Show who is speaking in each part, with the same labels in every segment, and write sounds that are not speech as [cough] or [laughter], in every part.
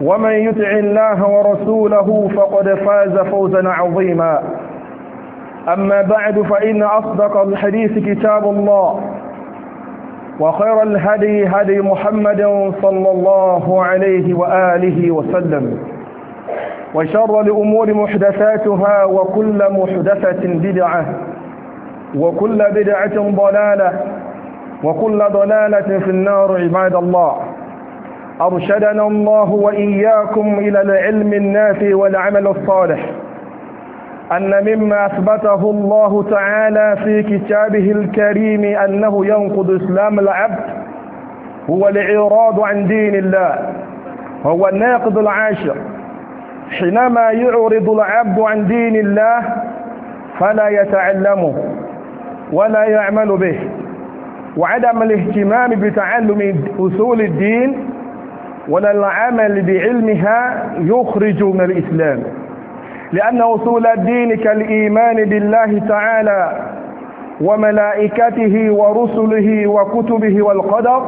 Speaker 1: ومن يطع الله ورسوله فقد فاز فوزا عظيما أما بعد فإن أصدق الحديث كتاب الله وخير الهدي هدي محمد صلى الله عليه وآله وسلم وشر الأمور محدثاتها وكل محدثة بدعة وكل بدعة ضلالة وكل ضلالة في النار عباد الله أرشدنا الله وإياكم إلى العلم النافع والعمل الصالح أن مما أثبته الله تعالى في كتابه الكريم أنه ينقض إسلام العبد هو الإعراض عن دين الله هو الناقض العاشر حينما يعرض العبد عن دين الله فلا يتعلمه ولا يعمل به وعدم الاهتمام بتعلم أصول الدين ولا العمل بعلمها يخرج من الإسلام لأن أصول الدين كالإيمان بالله تعالى وملائكته ورسله وكتبه والقدر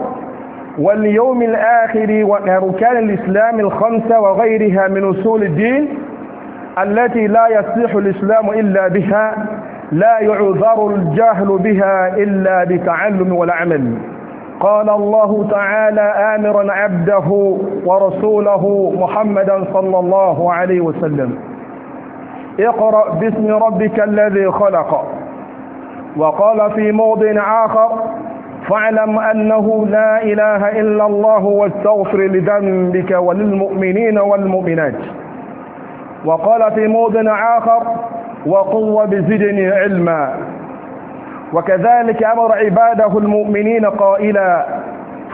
Speaker 1: واليوم الآخر وأركان الإسلام الخمسة وغيرها من أصول الدين التي لا يصلح الإسلام إلا بها لا يعذر الجهل بها إلا بتعلم والعمل قال الله تعالى آمرا عبده ورسوله محمدا صلى الله عليه وسلم اقرأ باسم ربك الذي خلق وقال في موضع آخر فاعلم أنه لا إله إلا الله واستغفر لذنبك وللمؤمنين والمؤمنات وقال في موضع آخر وقوة بزدني علما وكذلك أمر عباده المؤمنين قائلا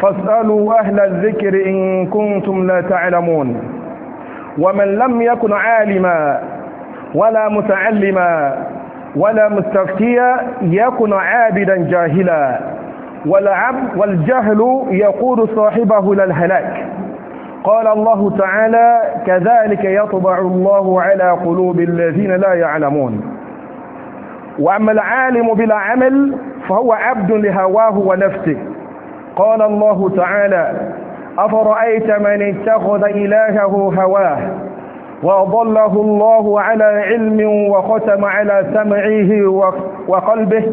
Speaker 1: فاسألوا أهل الذكر إن كنتم لا تعلمون ومن لم يكن عالما ولا متعلما ولا مستفتيا يكن عابدا جاهلا والعبد والجهل يقود صاحبه للهلاك قال الله تعالى كذلك يطبع الله على قلوب الذين لا يعلمون وأما العالم بلا عمل فهو عبد لهواه ونفسه قال الله تعالى أفرأيت من اتخذ إلهه هواه وأضله الله على علم وختم على سمعه وقلبه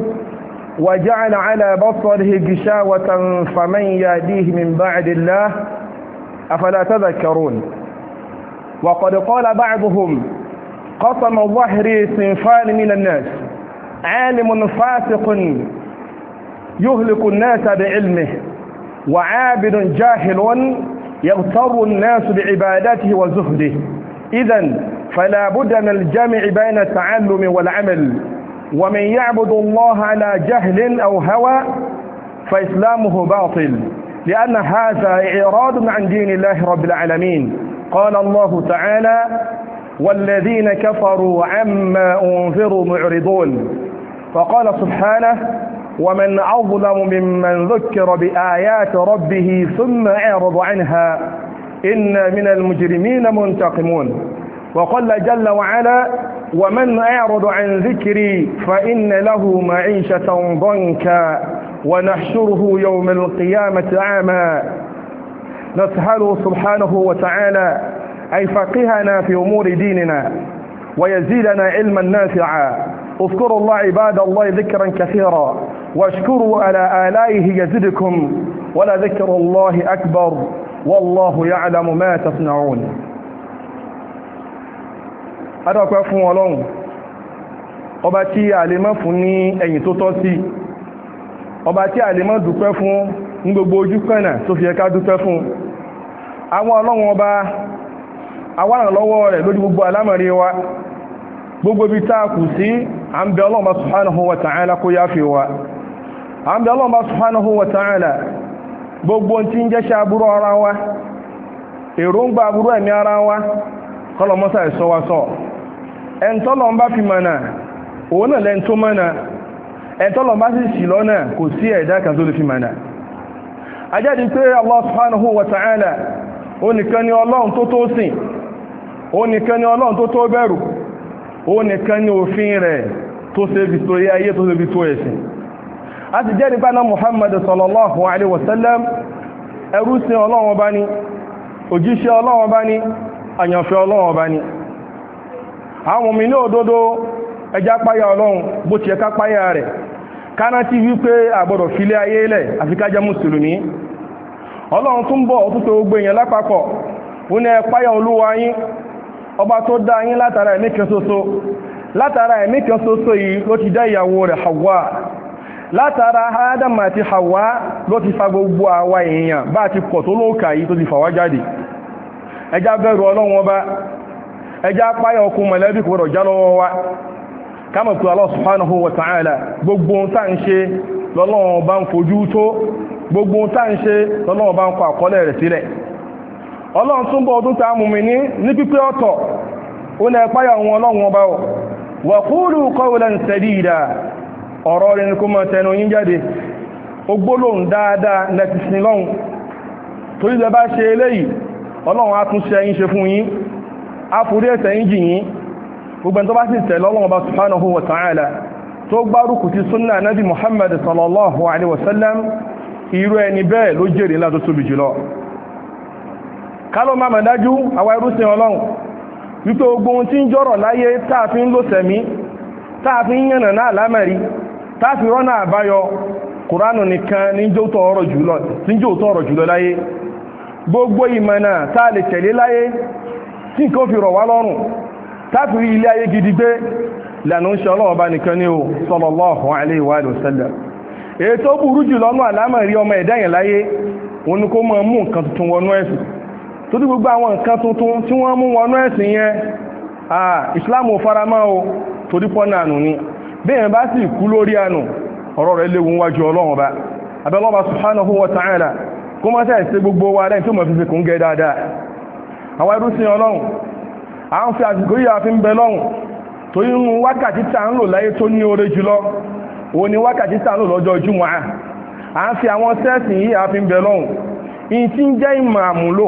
Speaker 1: وجعل على بصره غشاوة فمن يهديه من بعد الله أفلا تذكرون وقد قال بعضهم قسم ظهري صنفان من الناس عالم فاسق يهلك الناس بعلمه وعابد جاهل يغتر الناس بعبادته وزهده إذا فلا بد من الجمع بين التعلم والعمل ومن يعبد الله على جهل أو هوى فإسلامه باطل لأن هذا إعراض عن دين الله رب العالمين قال الله تعالى والذين كفروا عما أنذروا معرضون فقال سبحانه ومن أظلم ممن ذكر بآيات ربه ثم أعرض عنها إن من المجرمين منتقمون وقال جل وعلا ومن أعرض عن ذكري فإن له معيشة ضنكا ونحشره يوم القيامة عاما نسأله سبحانه وتعالى أن يفقهنا في أمور ديننا ويزيدنا علما نافعا اذكروا الله عباد الله ذكرا كثيرا واشكروا على آلائه يزدكم ولذكر الله أكبر والله يعلم ما تصنعون adọ́pẹ́ fún ọlọ́run ọba tí a lè mọ́ fún ní ẹ̀yìn tó tọ́ sí ọba tí a lè mọ́ dúpẹ́ fún ní gbogbo ojú pẹ̀nà tó fi ẹka dúpẹ́ fún àwọn ọlọ́run ọba awárànlọ́wọ́ rẹ̀ lójú gbogbo alámọ̀rí wa gbogbo ibi tá a kù sí à ń bẹ ọlọ́ọ̀bá subhanahu wa ta'ala kó yá fi wa à ń bẹ ọlọ́ọ̀bá subhanahu wa ta'ala gbogbo tí ń jẹ́ṣẹ́ aburú ara wa èròǹgbà aburú ẹ̀mí ara wa kọlọmọ́sà ẹ̀sọ́ wa sọ fi mọ̀nà òun náà lẹ́ńtó mọ̀nà ẹ̀ńtọ́lọ́ sì sì lọ́nà kò sí ẹ̀dá kan lè fi mọ̀nà ajáde pé Allah subhanahu wa ta'ala ó nìkan ni ọlọ́run tó tó sìn ó nìkan ni ọlọ́run tó tó bẹ̀rù ó nìkan ní òfin rẹ̀ tó se bí tó rí ayé tó ṣe bí tó ẹ̀sìn a ti jẹ́rìí bá náà Muhammad sallallahu alaihi wasallam ẹrú sí Ọlọ́run bá ní òjíṣẹ́ Ọlọ́run bá ní àyànfẹ́ Ọlọ́run bá ní àwọn òmìnà òdodo ẹjá páyà Ọlọ́run bó ti ẹka páyà rẹ̀ káná tí wípé àgbọ̀dọ̀ filé ayé ilẹ̀ àfikájá mùsùlùmí Ọlọ́run tún bọ̀ lápapọ̀ ọba tó dá yín látara ẹ̀mí kan ṣoṣo látara ẹ̀mí kan yìí ló ti dá ìyàwó rẹ̀ Hawa látara Adam àti Hawa ló ti fa gbogbo àwa èèyàn bá ti pọ̀ tó lóòkà yìí tó ti fà jáde ẹjá bẹ̀rù ọlọ́run ọba ẹjá páyà ọkùn mọ̀lẹ́bí kò rọ̀ já lọ́wọ́ wa bá gbogbo ọlọ́run tún bọ̀ ọdún ta mùmí ní ní pípé ọ̀tọ̀ ó lẹ páyà wọn ọlọ́run ọba ọ̀ wa qulu qawlan sadida ọ̀rọ̀ rẹ̀ ní kó mọ̀ tẹnu yín jáde ó gbólóhùn dáadáa lẹ́tìsìn lọ́hùn torí lẹ bá ṣe eléyìí ọlọ́run á tún ṣe yín ṣe fún yín irú ẹni bẹ́ẹ̀ ló jèrè ńlá tó tóbi jùlọ kálọ́ máa mọ̀ dájú àwa ẹrúsìn ọlọ́run wípé ogun ohun tí ń jọ́rọ̀ láyé táàfin ń lò yànnà náà lámẹ̀rí táàfi rọ́nà àbáyọ kùránù nìkan ní gbogbo ìmọ̀nà táà lè tẹ̀lé láyé tí nǹkan fi rọ̀ wá lọ́rùn táàfi ilé ayé gidi gbé lànà ń ṣe ọlọ́ọ̀bá nìkan ní torí gbogbo àwọn nǹkan tuntun tí wọ́n mú wọnú ẹ̀sìn yẹn ìsìláàmù faramá o torí pọ́nà ànù ni bẹ́ẹ̀ bá sì kú lórí ànù ọ̀rọ̀ rẹ̀ léwu wájú ọlọ́run ọba abẹ́lọ́ba subhanahu wa ta'ala kó mọ́ sẹ́ẹ̀ sí gbogbo wa lẹ́yìn tó mọ̀ fífi kún gẹ́ dáadáa àwọn irúsìn ọlọ́run à ń fi àsìkò àwọn sẹ́ẹ̀sì yìí àfi ń bẹ ń jẹ́ ìmọ̀ àmúlò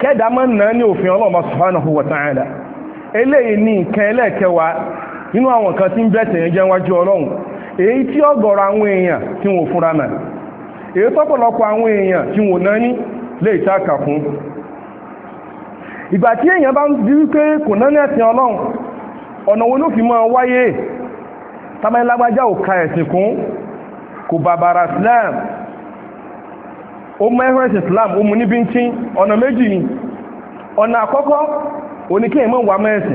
Speaker 1: kẹ́dà máa ń náà ní òfin ọlọ́ọ̀bá subhanahu wa eléyìí ní nǹkan ẹlẹ́ẹ̀kẹwàá nínú àwọn kan tí ń bẹ̀tẹ̀ jẹ́ ọlọ́run èyí tí ọ̀gọ̀rọ̀ àwọn èèyàn tí wọ́n fúnra mẹ́ èyí tọ́pọ̀lọpọ̀ àwọn èèyàn tí wọ́n náà ní lè fún ìgbà tí èèyàn bá ń di wípé kò náà ní ẹ̀sìn ọlọ́run ọ̀nà wo ló fi máa wáyé tàbí lágbájá ò ka ẹ̀sìn ó mú islam ó mú ní bíntín ọ̀nà méjì ni ọ̀nà àkọ́kọ́ oníkẹ́yìn mọ́ wà mẹ́ẹ̀sì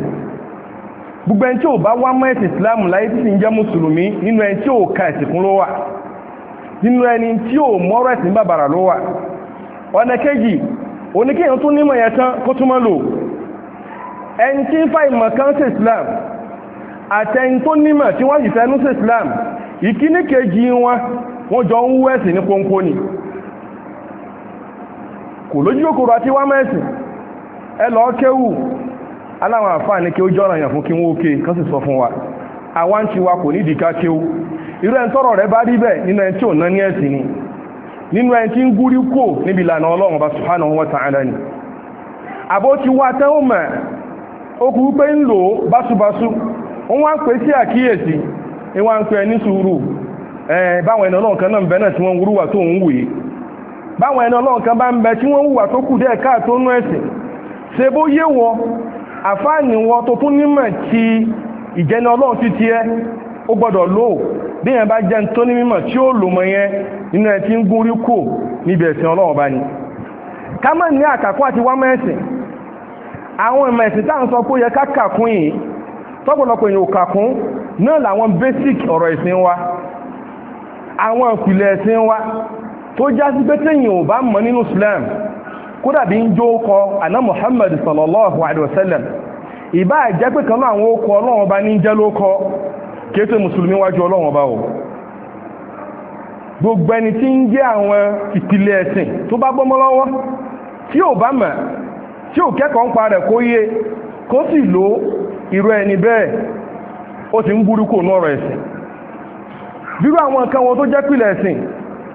Speaker 1: gbogbo ẹni tí ò bá wá mẹ́ẹ̀sì islam láyé tí ń jẹ́ mùsùlùmí nínú ẹni tí ò ka ẹ̀sìn kún ló wà nínú ẹni tí ò mọ́rọ̀ ẹ̀sìn bàbàrà ló wà ọ̀nà kejì oníkẹ́yìn tún nímọ̀ yẹn tán kó túmọ̀ lò ẹni tí ń fa ìmọ̀ kan sí islam àtẹni tó nímọ̀ tí wọ́n sì fẹ́nu sí islam ìkíní kejì wọn wọ́n jọ ń wú ẹ̀sìn ní pọ́npọ́n ni kò lójú òkòrò àti wá mẹ́sìn ẹ lọ kéwù aláwọn kí fún kí wọ́n wa àwa ń ti wa kò nídìí ká kéwù irú ẹni tọ́rọ̀ rẹ̀ bá rí nínú ẹni tí ò ni nínú ẹni tí ń gúrí kò níbi ìlànà ọlọ́run ọba ni àbó ti wá tẹ́wọ̀n mẹ́ ó pé ń lò báṣubáṣu wọ́n wá pè sí àkíyèsí wọ́n wá ń pè ní sùúrù báwọn ẹni ọlọ́run báwọn ẹni ọlọ́run kan bá ń bẹ tí wọ́n hùwà tó kù díẹ̀ káàtó nú ẹ̀sìn ṣe bó yé wọ àfáàní wọ tó tún nímọ̀ ti ìjẹni ọlọ́run ti ó gbọ́dọ̀ tí ó lò mọ̀ yẹn nínú ẹ̀ tí ń gún rí kò níbi ẹ̀sìn ọlọ́run bá ní ká ní àkàkọ́ àti wá mẹ́sìn àwọn ìmọ̀ ẹ̀sìn sọ pé ó yẹ ká tó já sí pé tẹ́yìn ò bá mọ̀ nínú islam ń jó kọ muhammad sallallahu alaihi wasallam ìbá jẹ́ pé kan láwọn ó kọ ọlọ́run ọba ní jẹ́ ló kọ kéètò mùsùlùmí wájú ọba o gbogbo ẹni tí ń jẹ́ àwọn ìpìlẹ̀ ẹ̀sìn tó bá gbọ́mọ́ lọ́wọ́ tí ò bá mọ̀ tí ò kẹ́kọ̀ọ́ ń pa rẹ̀ kó yé kó sì lo irú ẹni bẹ́ẹ̀ ó ti ń burúkú náà rẹ̀ ẹ̀sìn bírú àwọn nǹkan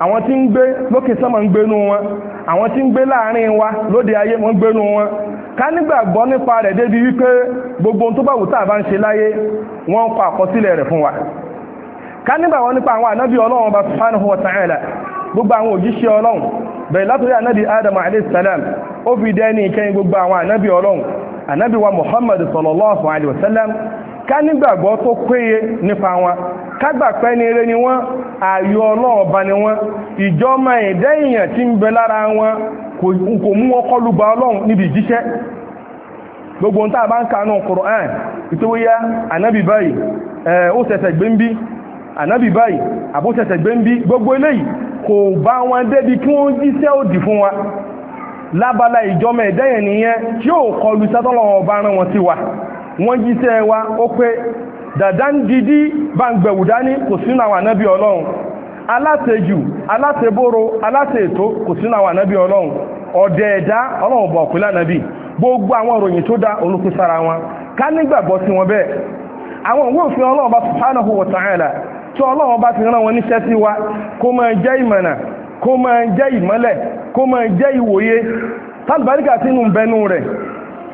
Speaker 1: àwọn tí ń gbé lókè sánmà ń gbénú wọn àwọn tí ń gbé láàrin wa lóde ayé wọn gbénú wọn ká nígbàgbọ́ nípa rẹ̀ débi wípé gbogbo ohun tó bá wù tá a bá ń ṣe láyé wọ́n ń kọ àkọsílẹ̀ rẹ̀ fún wa ká nígbàgbọ́ nípa àwọn ànábì ọlọ́run ọba subhanahu wa ta'ala gbogbo àwọn òjíṣẹ́ ọlọ́run bẹ̀rẹ̀ látòrí ànábì adam alayhi salam ó fi dẹ́ni ìkẹyìn gbogbo àwọn ànábì ọlọ́run ànábì wa muhammad sallallahu alayhi wa sallam ká nígbàgbọ́ tó péye nípa wọn kágbà pẹ́ ní eré ni wọ́n ààyò ọlọ́ọ̀ba ni wọ́n ìjọmọ ẹ̀dẹ́ èèyàn tí ń bẹ lára wọn kò mú wọn kọlu ba ọlọ́run níbi ìjíṣẹ́ gbogbo ohun tá a bá ń ka nù Qur'an ìtòwéyá ànábì báyìí ó ṣẹ̀ṣẹ̀ gbé ń bí gbogbo eléyìí kò bá wọn débi kí wọ́n jíṣẹ́ òdì fún wa lábala ìjọmọ ẹ̀dẹ́ èèyàn nìyẹn tí ó kọlu sátọ́lọ́wọ́ ọba rán wọn sí wa wọ́n jíṣẹ́ wa ó pé dàdá bá ń gbẹ̀wù dání kò sínú àwọn ànábì ọlọ́run aláṣejù aláṣeboro aláṣeètò kò sínú àwọn ànábì ọlọ́run ọ̀dẹ̀ẹ̀dá ọlọ́run bọ̀ pẹ̀lú gbogbo àwọn ìròyìn tó dá olókùn wọn ká nígbàgbọ́ sí wọn bẹ́ẹ̀ àwọn òfin ọlọ́run bá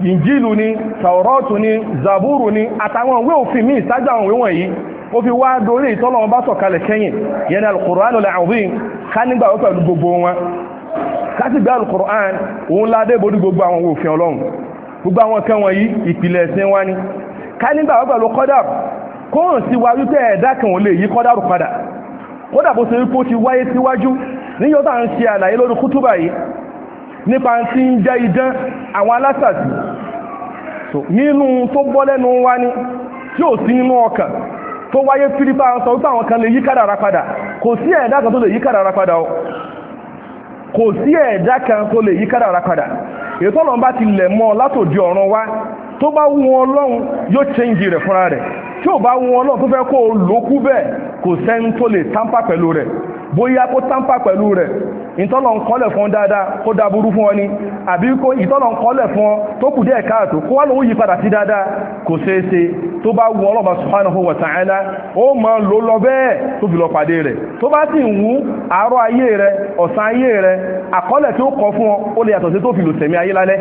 Speaker 1: ìjìlù ni tàwọ́rọ́tù ni zàbúrù ni àtàwọn òwe òfin mí ìsájà àwọn òwe wọ̀nyí ó fi wá dorí ìtọ́lọ́wọ́n bá sọ̀kalẹ̀ kẹ́yìn yẹn alukùránù làwọn ká nígbà ó pẹ̀lú gbogbo wọn ká sì gbé alukùránù òun ládé bodú gbogbo àwọn òfin ọlọ́run gbogbo àwọn kan wọ̀nyí ìpìlẹ̀ ẹ̀sìn wa ni ká nígbà ó pẹ̀lú kọ́dàrù kóhùn sí wa wípé ẹ̀dá kan nípa tí ń jẹ́ idán àwọn alásàtì nínú tó gbọ́ lẹ́nu wá ní tí ò sí nínú ọkàn tó wáyé fílípà ń sọ wípé àwọn kan lè yí kádàrá padà kò sí ẹ̀dá kan tó lè yí o kò sí ẹ̀dá kan tó lè yí kádàrá padà ètò ọ̀nà bá ti lẹ̀ mọ́ látòdì wá tó bá wù ọlọ́run yóò change rẹ̀ fúnra rẹ̀ tí ò bá wù ọlọ́run tó fẹ́ kó o lókú bẹ́ẹ̀ kò sẹ́ni tó lè tampa pẹ̀lú rẹ̀ bóyá kó tampa pẹ̀lú rẹ̀ ìtọ́lọ̀ ń kọ́lẹ̀ fún dáadáa kó dáburú fún ọ ni àbí kó ìtọ́lọ̀ ń kọ́lẹ̀ fún ọ tó kù díẹ̀ káàtó kó wá lóun yí padà sí dáadáa kò ṣeé ṣe tó bá wù ọlọ́ba subhanahu wa ta'ala ó máa lò lọ bẹ́ẹ̀ tó fi lọ pàdé rẹ̀ tó bá sì ń wú àárọ̀ ayé rẹ̀ ọ̀sán ayé rẹ̀ àkọọ́lẹ̀ tí kọ fún ọ ó lè yàtọ̀ sí tó fi lò sẹ̀mí ayé lálẹ́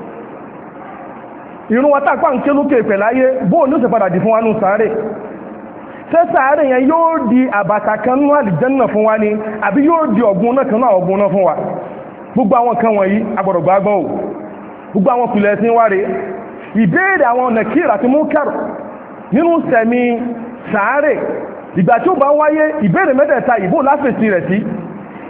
Speaker 1: irun wọn tàpá ń ké lókè pẹ̀láyé bóò ní ó sì padà dì fún wa nù sáré ṣé sáré yẹn yóò di àbàtà kan nú àlìjẹ́nà fún wa ni àbí yóò di ọ̀gbun náà kan náà ọ̀gbun náà fún wa gbogbo àwọn kan wọ̀nyí agbọ̀dọ̀gbà gbọ́n o gbogbo àwọn kùlẹ̀ ẹ̀sìn wáre ìbéèrè àwọn nàkírà àti múkàrù nínú sẹ̀mí sáré ìgbà tí ó bá wáyé ìbéèrè mẹ́tẹ̀ẹ̀ta ìbò láfèsì rẹ̀ sí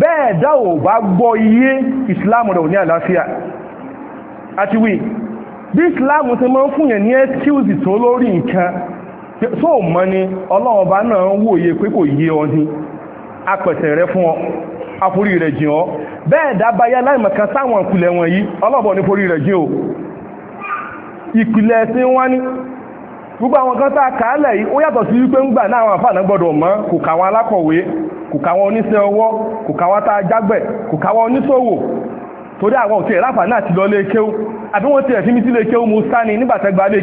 Speaker 1: bẹ́ẹ̀ dá ò bá gbọ́ iye islam rẹ̀ ò ní àlàáfíà àti wí bí islam ti máa ń fúnyẹ̀ ní excuse tó lórí nǹkan tó mọ́ ni ọlọ́run bá náà ń wòye pé kò yé ọ ní apẹ̀tẹ̀ rẹ fún ọ aforí rẹ̀ jìn ọ bẹ́ẹ̀ dábáyá láìmọ̀kan sáwọn ìpìlẹ̀ wọ̀nyí ọlọ́bọ̀ ní forí rẹ̀ jìn o ìpìlẹ̀ tí wọ́n ní gbogbo àwọn kan tá a kà á lẹ̀ yìí ó yàtọ̀ sí wípé ń gbà náà àwọn kò kà wọn alákọ̀wé kò kà wọn oníṣẹ́ ọwọ́ kò kà wọn tá a torí àwọn òtí ẹ̀láfà náà ti lọ lé kéwú àbí ti ẹ̀fí sí lé kéwú mú lé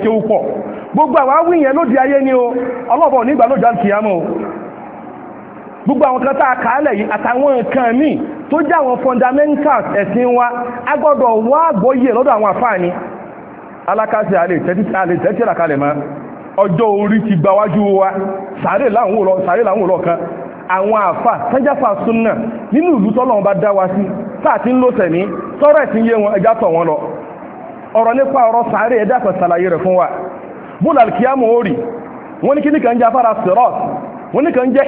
Speaker 1: gbogbo àwọn awíyẹn ló di ayé ni o ọlọ́bọ̀ nígbà ló jà gbogbo àwọn kan tá a kà á lẹ̀ yìí àtàwọn nǹkan míì tó jẹ́ àwọn fundamentals ẹ̀sìn wa a gbọ́dọ̀ wá àgbọ́yé lọ́dọ̀ àwọn àfáàní àlè ọjọ́ orí ti gba wájú wa sàárè láwọn òlọ́ kan àwọn àfà tẹ́jáfà súnà nínú ìlú tọ́lọ́run bá dá wa sí sáà tí ń lò tẹ̀mí tọ́rọ̀ ẹ̀sìn yé wọn ẹjá tọ̀ wọn lọ ọ̀rọ̀ nípa ọ̀rọ̀ sàárè ẹ̀dá kan ṣàlàyé rẹ̀ fún wa bóòlù alkiyamu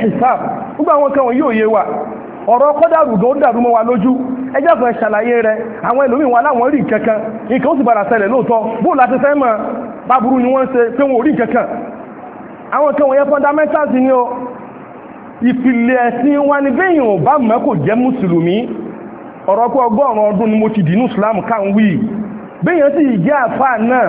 Speaker 1: hisab gbogbo àwọn kan ọ̀rọ̀ kọ́dàrù gan ó dàrú mọ́ wa lójú ẹjọ́ kan ṣàlàyé rẹ̀ àwọn ẹlòmíín wa láwọn rí kankan nǹkan ó sì padà ṣẹlẹ̀ lóòótọ́ bó láti fẹ́ mọ̀ báburú ni wọ́n ń ṣe pé wọn ò rí kankan àwọn kan wọ̀nyẹn fundamentals ni o ìpìlẹ̀ ẹ̀sìn wa ni bẹ́yìn ò bá mọ́ kò jẹ́ mùsùlùmí ọ̀rọ̀ pé ọgọ́rùn-ún ọdún ni mo ti dì ní Islam kan wí bẹ́yìn sì jẹ́ àfà náà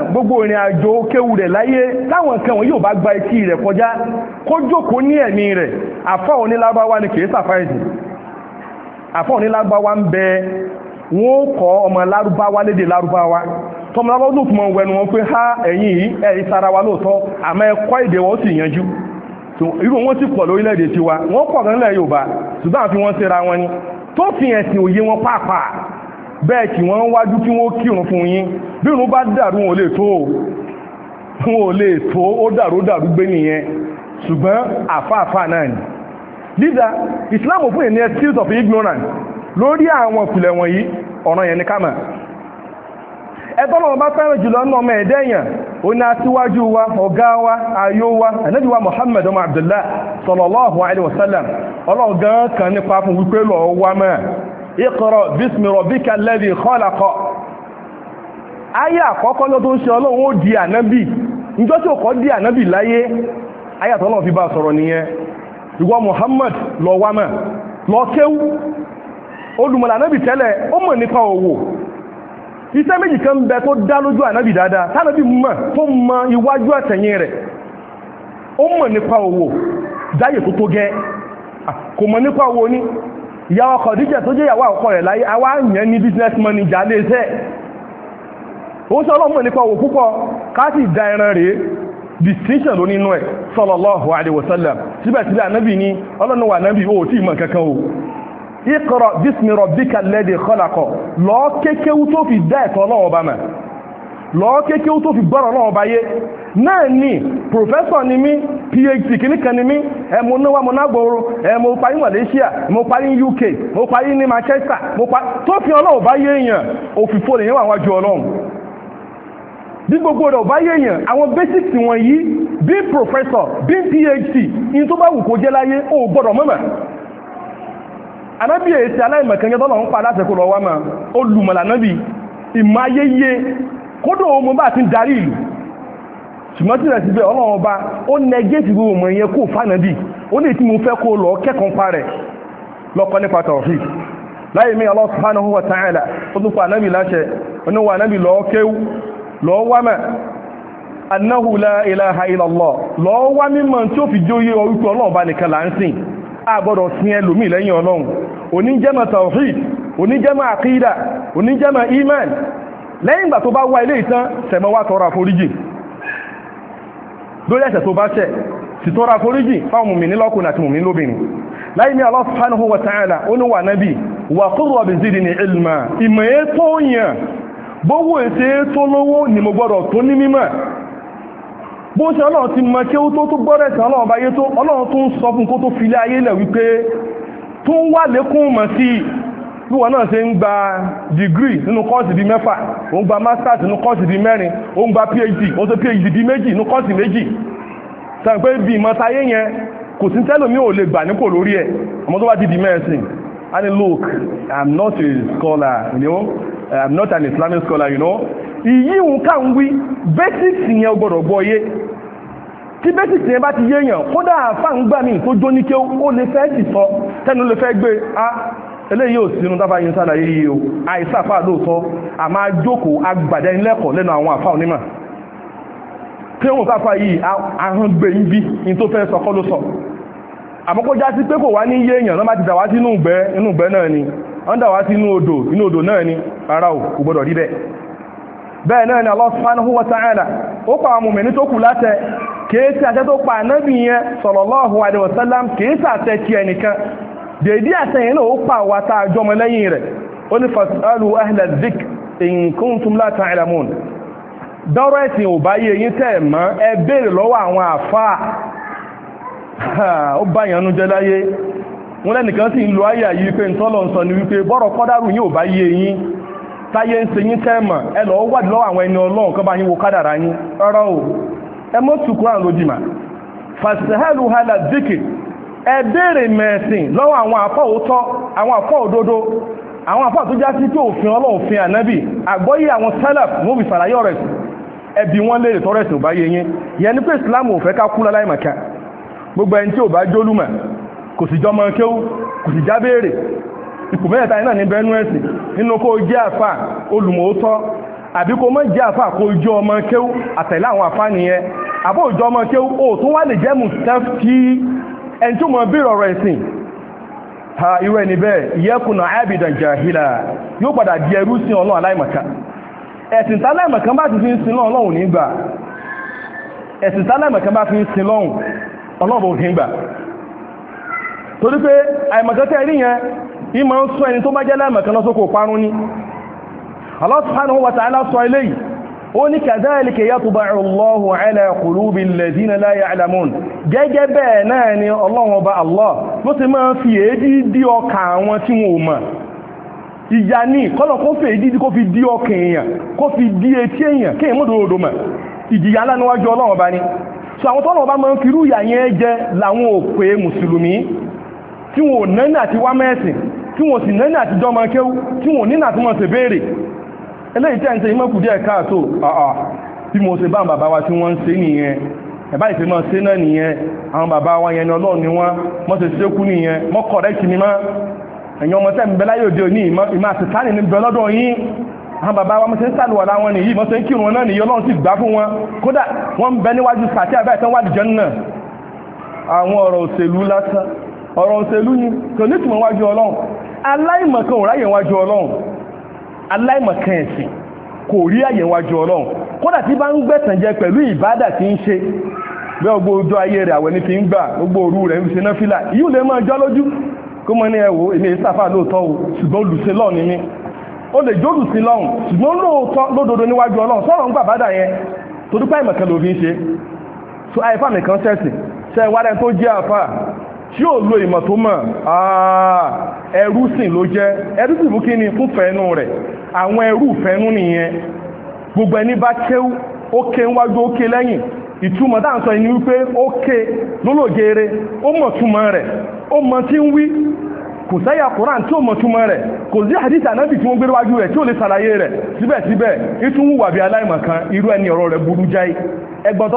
Speaker 1: àfọ́ ní lárúbáwá ń bẹ wọ́n kọ́ ọmọ lárúbáwá lédè lárúbáwá tọmọláwọ́ ló fún ọmọ ẹnu wọn pé ha ẹ̀yìn yìí ẹ̀rí sara wa lóòótọ́ àmọ́ ẹ̀kọ́ èdè wọn ó sì yanjú irú wọn sì pọ̀ lórílẹ̀-èdè tiwa wọ́n pọ̀ gan nílẹ̀ Yorùbá ṣùgbọ́n àfi wọ́n ṣera wọn ni tó fi ẹ̀sìn òye wọn pàápàá bẹ́ẹ̀ kí wọ́n wájú kí wọ́n kírun fún yín bí irun bá dàrú wọn ò lè tó wọn ò lè tó ó dàrú dàrú gbé nìyẹn ṣùgbọ́n àfáàfáà náà ni lídà islam fún ìní excuse of ignorance lórí àwọn ìpìlẹ̀ wọ̀nyí ọ̀ràn yẹn ní kámà ẹ̀tọ́lọ́wọ́ bá fẹ́ràn jùlọ ní ọmọ ẹ̀dẹ́ èèyàn ó ní aṣíwájú wa ọ̀gá wa ayó wa ànábì wa Muhammad ọmọ Abdullah sallallahu alaihi wasallam ọlọ́gán kan nípa fún wípé lọ wá mẹ́ Iqra bismi rabbika alladhi khalaq ayé àkọ́kọ́ ló tó ń ṣe ọlọ́run ó di ànábì níjọ́ tí ó kọ́ di ànábì láyé ayé àtọ́lọ́ fi bá sọ̀rọ̀ nìyẹn ìwọ Muhammad lọ wá mà lọ kéwú olùmọ̀lá anábì tẹ́lẹ̀ ó mọ̀ nípa òwò iṣẹ́ méjì kan bẹ tó dá lójú ànábì dáadáa tánàbí mọ̀ tó mọ iwájú àtẹ̀yìn rẹ̀ ó mọ̀ nípa òwò dáyè tó tó gẹ́ kò mọ̀ nípa owó ní ìyàwó Khadija tó jẹ́ ìyàwó àkọ́kọ́ rẹ̀ láyé awá yẹn ní business manager léṣẹ́ ó sọ ọlọ́mọ̀ nípa owó púpọ̀ káàsì dá ẹran rèé distinction ló nínú ẹ̀ sallallahu alaihi wasallam síbẹ̀síbẹ̀ ànábì ní ọlọ́nà wà ànábì ó tí ìmọ̀ kankan o iqra bismi rabbika alladhi khalaqa lọ kékéwú tó fi dá ẹ̀kọ́ ọlọ́wọ́ bá mà lọ kékéwú tó fi gbọ́rọ̀ ọlọ́wọ́ bá yé náà ni professor ni mí phd kìnnìkan ni mí ẹ mo náwó mo nágboro ẹ mo parí malaysia mo parí uk mo parí ni manchester mo parí tó fi ọlọ́wọ́ bá yé èèyàn òfìfo lèyàn wà wájú ọlọ́run bí gbogbo rẹ̀ ọ̀bá yẹ̀yàn àwọn basics wọ̀nyí bí professor bí phd in tó bá wù kó jẹ́ láyé ó gbọ́dọ̀ mọ́mọ̀ anábì èsì aláìmọ̀kẹ́yẹ tọ́lọ̀ ń pa aláṣẹ kó lọ wá máa olùmọ̀lá nábì ìmọ̀ ayẹyẹ kódò ọmọ bá ti ń darí ìlú ṣùgbọ́n tí rẹ̀ sí bẹ́ẹ̀ ọlọ́run ọba ó nẹgẹ́tì gbogbo ọmọ rẹ̀ láyé mi Allah subhanahu wa ta'ala ó tún pa anábì láṣẹ oníwà anábì lọ kéwú lọ wá mẹ́ annahu la ilaha illallah lọ wá mímọ̀ tí ó fi jóyé orúkọ ọlọ́ọ̀bá nìkan là ń sìn àgbọ́dọ̀ sin ẹlòmí lẹ́yìn ọlọ́run oníjẹ́mọ̀ tawhid oníjẹ́mọ̀ àkídà oníjẹ́mọ̀ iman lẹ́yìn ìgbà tó bá wá ilé ìtàn sẹ̀mọ́ wá tọrọ àforíjì lórí ẹ̀ṣẹ̀ tó bá ṣẹ̀ sì tọrọ àforíjì fáwọn mùmìnì lọ́kùnrin àti láì ní Allah wa ta'ala ó ní wà nábì wà qurra bi zidni ilma ìmọ̀ ètò yàn bówó ètè tó lówó ni mo gbọ́dọ̀ tó ní mímọ̀ bó ṣe ọlọ́run ti mọ kí ó tó tó gbọ́rẹ̀ tán ọlọ́run báyé tó ọlọ́run tó ń sọ fún kó tó fi ilé ayé lẹ̀ wípé tó ń wà lékún mọ̀ sí bí wọn náà ṣe ń gba degree nínú kọ́ọ̀sì bíi mẹ́fà ó ń gba masters nínú kọ́ọ̀sì bíi mẹ́rin ó ń gba phd ó tó phd bíi méjì nínú kọ́ọ̀sì méjì sàn pé bí ìmọ̀tayé yẹn kò sí tẹ́lòmí ò lè gbà nípò lórí ẹ̀ àmọ́ tó bá ti di mẹ́ẹ̀sìn i look i'm not a scholar you know i'm not an islamic scholar you know ìyíhun ká ń wí basics yẹn gbọ́dọ̀ gbọ́ yé tí basics yẹn bá ti yéèyàn kódà fáǹgbà mi tó jó ní kí ó lè fẹ́ sì sọ tẹ́nu lè fẹ́ gbé a ah, eléyìí ò sínú tábà yín sálàyé yìí o àìsàn àfà lóòótọ́ a máa jókòó agbàdánilẹ́kọ̀ọ́ lẹ́nu àwọn àfà onímọ̀ tí wọn káfà yìí ahọ́n gbé ń bí ní tó fẹ́ sọ kọ́ ló sọ àmọ́kọ́já sí pé kò wá ní yéèyàn lọ́mọ́ ti ọ́ndà wá sí inú odò inú odò náà ni ara ò kò gbọdọ̀ rí bẹ́ẹ̀ bẹ́ẹ̀ náà ni Allah subhanahu wa ta'ala ó pa àwọn mẹ́ni tó kù látẹ kèésì àtẹ́ tó pa ànábì yẹn sallallahu alaihi wasallam kèésì àtẹ́ ti ẹnìkan dèdí àtẹ́ yẹn náà ó pa àwa fasalu ahla zik in kuntum la ta'lamun dọ́rọ̀ ẹ̀sìn ò bá yé yín tẹ̀ mọ́ wọ́n lẹ́nìkan sì ń lo ayà yìí pé ń tọ́lọ̀ ń sọ ní wípé bọ́rọ̀ kọ́dárù yóò bá yé yín táyé ń ṣe yín tẹ́ẹ̀mọ̀ ẹ lọ àwọn ẹni o ẹ mọ́ tù kúrán lójì mà fàṣẹ́hẹ́lù hàlà díkì ẹ béèrè mẹ̀sìn lọ́wọ́ àwọn àfọ́ òótọ́ àwọn àfọ́ òdodo àwọn àfọ́ àtújá sí pé òfin ọlọ́run fi ànábì àgbọ́yé àwọn sálàf wọ́n fi sàlàyé ọ̀rẹ́ ẹbí wọ́n léèrè tọ́rẹ́sì ò bá yé yín yẹn ni pé ìsìlámù ò fẹ́ ká kú láláìmọ̀ká gbogbo ẹni tí ò bá jólúmọ̀ kò sì jọmọ kéwú kò sì jábéèrè ipò mẹ́ta iná ní bẹ́ẹ̀nú ẹ̀sìn nínú kó jẹ́ àfà olùmọ̀ọ́tọ́ àbí kó mọ́ jẹ́ àfà kó jọ ọmọ kéwú àtẹ̀lé àwọn àfà nìyẹn àbó ìjọ ọmọ kéwú ó tún wá lè jẹ́ mùsẹ́f kí ẹ̀sìn ha di bá fi ń sin lọ́run ọlọ́run torí pé àìmọ̀kẹ́kẹ́ rí yẹn yí ma ń sọ ẹni tó bá jẹ́ láìmọ̀kan lọ́sọ́kò parun ní Allah subhanahu wa ta'ala sọ eléyìí ó ní kadhalika yatba'u Allahu ala qulubi alladhina la ya'lamun gẹ́gẹ́ bẹ́ẹ̀ náà ni ọlọ́run ọba Allah ló ti máa fi èédí dí ọkà àwọn òpè mùsùlùmí tí wọn ò nẹ́nà àti wá mẹ́sìn tí wọn sì nẹ́nà àti jọmọ kéwú tí wọn ò nínà àti mọ̀ sí béèrè eléyìí tẹ́ ń ṣe imọ́ kùdí ẹ̀ka àtò àà bí mo ṣe bá àwọn bàbá wa tí wọ́n ń ṣe nìyẹn ẹ̀bá ìṣe mọ́ ṣe náà nìyẹn àwọn bàbá wa yẹn ni ọlọ́run ni wọ́n mọ́ ṣe ni mọ́ ẹ̀yìn ọmọ tẹ́ ń bẹ láyé òde òní ìmọ̀ àtìtánì ní bẹ lọ́dọ̀ yín ń sàlùwà láwọn nìyí mọ́sẹ̀ ń kírun náà nìyí fún wọn kódà wọ́n bẹ níwájú sàtí àbẹ́ ìtàn náà àwọn ọ̀rọ̀ òṣèlú lásán ọ̀rọ̀ òṣèlú ni kò ní tìmọ̀ wájú ọlọ́run aláìmọ̀kan ò ráyẹ̀ wájú ọlọ́run aláìmọ̀kan ẹ̀sìn kò rí àyẹ̀ wájú ọlọ́run kódà tí bá ń gbẹ̀tàn jẹ pẹ̀lú ìbádà tí ń ṣe bí ọgbó ojú ayé rẹ̀ àwẹ̀ ní fi ń gbà gbogbo òru rẹ̀ ń ṣe náà fìlà yíò lè máa jọ́ lójú kó mọ́ ní ẹ̀wò èmi ìsáfà lóòótọ́ o ṣùgbọ́n olùṣe lọ́ọ̀ ni mí ó lè jóòlù sí lọ́hùn ṣùgbọ́n lóòótọ́ lódodo níwájú ọlọ́run sọ̀rọ̀ ń gbà bádà yẹn torí pé ló fi ń ṣe so àìfà nìkan ṣẹ̀sìn ṣe ìwádẹ́ tó jẹ́ àfà tí ò lo ìmọ̀ tó mọ̀ ah, ẹrú sìn ló jẹ́ ẹrú sì fún kíni fún fẹ́nu rẹ̀ àwọn ẹrú fẹ́nu nìyẹn gbogbo ẹni bá kéwú ó ké wájú ó ké lẹ́yìn ìtumọ̀ dáà sọ ẹni wípé ó ké lólògere ó mọ̀ túmọ̀ rẹ̀ ó mọ̀ tí ń wí kò sáyà koran tí ó mọ̀ túmọ̀ rẹ̀ kò sí hadith ànábì tí wọ́n gbé wájú rẹ̀ tí ó lè ṣàlàyé rẹ̀ síbẹ̀síbẹ̀ ìtún wùwà bí aláìmọ̀kan irú ẹni ọ̀rọ̀ rẹ̀ burú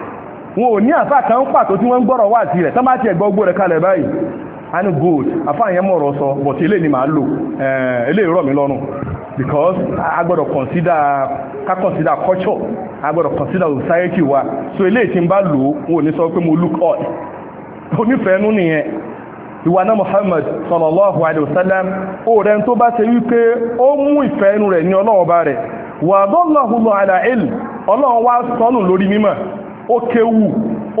Speaker 1: wọn ò ní àfá kan ń pàtó tí wọ́n ń gbọ́rọ̀ wà sí rẹ̀ tán bá ti ẹ̀gbọ́ gbọ́ kalẹ̀ báyìí a ní gold àfá yẹn mọ̀rọ̀ sọ but ilé ni màá lò ilé eh, rọ̀ mí lọ́rùn because a gbọ́dọ̀ consider ká consider culture a gbọ́dọ̀ consider society wa so ilé tí n bá lò wọn ò ní sọ pé mo look up onífẹ̀ẹ́ nú nìyẹn ìwà náà Muhammad sallallahu alayhi wa sallam ó rẹ̀ tó bá ṣe wípé ó mú ìfẹ́ inú rẹ̀ ní ọlọ́wọ́ bá rẹ̀ wà dọ́lọ́hùn lọ àlàíl ọlọ́run wá sọ́nù lórí mímọ̀ okewu kéwù